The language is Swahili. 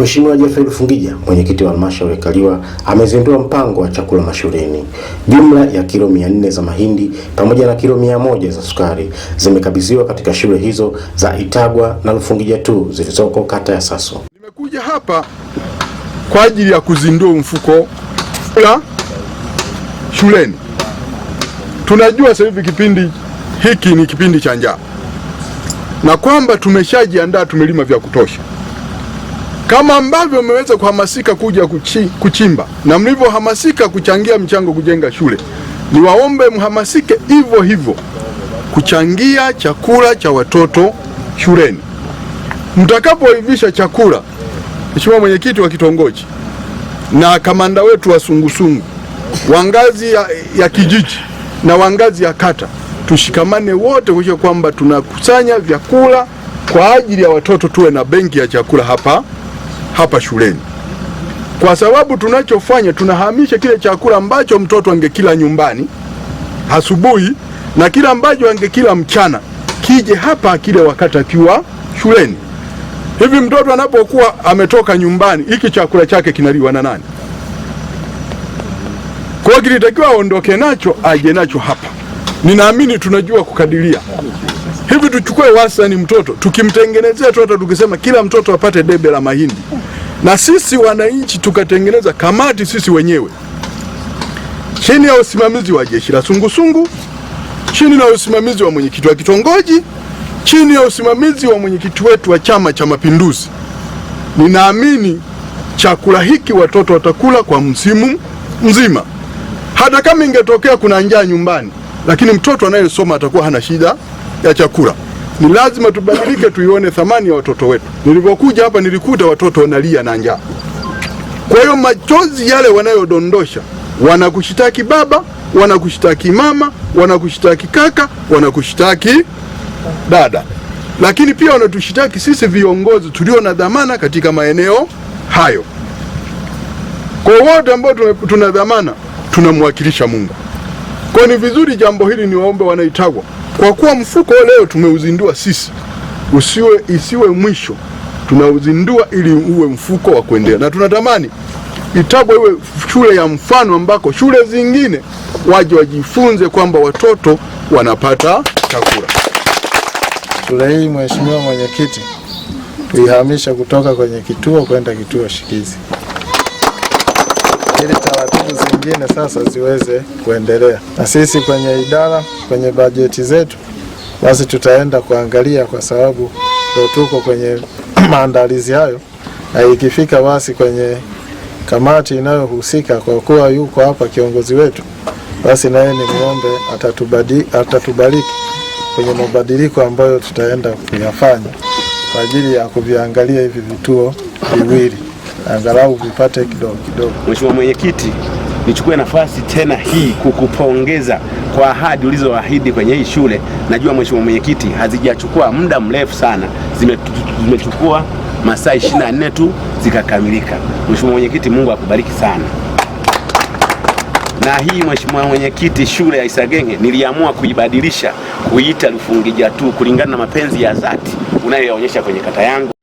Mheshimiwa Jafari Rufungija, mwenyekiti wa halmashauri ya Kaliwa, amezindua mpango wa chakula mashuleni. Jumla ya kilo 400 za mahindi pamoja na kilo moja za sukari zimekabidhiwa katika shule hizo za Itagwa na Rufungija tu zilizoko kata ya Saso. Nimekuja hapa kwa ajili ya kuzindua mfuko la shuleni. Tunajua sasa hivi kipindi hiki ni kipindi cha njaa na kwamba tumeshajiandaa, tumelima vya kutosha kama ambavyo mmeweza kuhamasika kuja kuchi, kuchimba na mlivyohamasika kuchangia mchango kujenga shule, niwaombe mhamasike hivyo hivyo kuchangia chakula cha watoto shuleni. Mtakapoivisha chakula, Mheshimiwa mwenyekiti wa kitongoji na kamanda wetu wa sungusungu wa ngazi ya, ya kijiji na wa ngazi ya kata, tushikamane wote kuhakikisha kwamba tunakusanya vyakula kwa ajili ya watoto, tuwe na benki ya chakula hapa hapa shuleni, kwa sababu tunachofanya tunahamisha kile chakula ambacho mtoto angekila nyumbani asubuhi na kile ambacho angekila mchana kije hapa kile wakati akiwa shuleni. Hivi mtoto anapokuwa ametoka nyumbani, hiki chakula chake kinaliwa na nani? Kwa hiyo kilitakiwa aondoke nacho aje nacho hapa. Ninaamini tunajua kukadiria hivi, tuchukue wastani mtoto tukimtengenezea tu, hata tukisema kila mtoto apate debe la mahindi na sisi wananchi tukatengeneza kamati sisi wenyewe chini ya usimamizi wa jeshi la sungusungu, chini ya usimamizi wa mwenyekiti wa kitongoji, chini ya usimamizi wa mwenyekiti wetu wa Chama cha Mapinduzi. Ninaamini chakula hiki watoto watakula kwa msimu mzima. Hata kama ingetokea kuna njaa nyumbani, lakini mtoto anayesoma atakuwa hana shida ya chakula ni lazima tubadilike, tuione thamani ya watoto wetu. Nilipokuja hapa nilikuta watoto wanalia na njaa, kwa hiyo machozi yale wanayodondosha, wanakushitaki baba, wanakushitaki mama, wanakushitaki kaka, wanakushitaki dada, lakini pia wanatushitaki sisi viongozi tulio na dhamana katika maeneo hayo. Kwa wote ambao tuna dhamana, tunamwakilisha Mungu. Kwa ni vizuri jambo hili, niwaombe Wanaitagwa kwa kuwa mfuko leo tumeuzindua sisi, usiwe isiwe mwisho, tunauzindua ili uwe mfuko wa kuendelea, na tunatamani Itagwa iwe shule ya mfano ambako shule zingine waje wajifunze kwamba watoto wanapata chakula. Shule hii, Mheshimiwa Mwenyekiti, tuihamisha kutoka kwenye kituo kwenda kituo shikizi nyingine sasa ziweze kuendelea, na sisi kwenye idara, kwenye bajeti zetu, basi tutaenda kuangalia, kwa sababu ndio tuko kwenye maandalizi hayo, na ikifika basi kwenye kamati inayohusika, kwa kuwa yuko hapa kiongozi wetu, basi naye ni muombe atatubariki kwenye mabadiliko ambayo tutaenda kuyafanya kwa ajili ya kuviangalia hivi vituo viwili angalau vipate kidogo kidogo. Mheshimiwa Mwenyekiti, nichukue nafasi tena hii kukupongeza kwa ahadi ulizoahidi kwenye hii shule. Najua mheshimiwa mwenyekiti, hazijachukua muda mrefu sana, zimechukua masaa 24 tu zikakamilika. Mheshimiwa mwenyekiti, Mungu akubariki sana. Na hii mheshimiwa mwenyekiti, shule ya Isagenge niliamua kuibadilisha kuiita Lufungija tu kulingana na mapenzi ya dhati unayoyaonyesha kwenye kata yangu.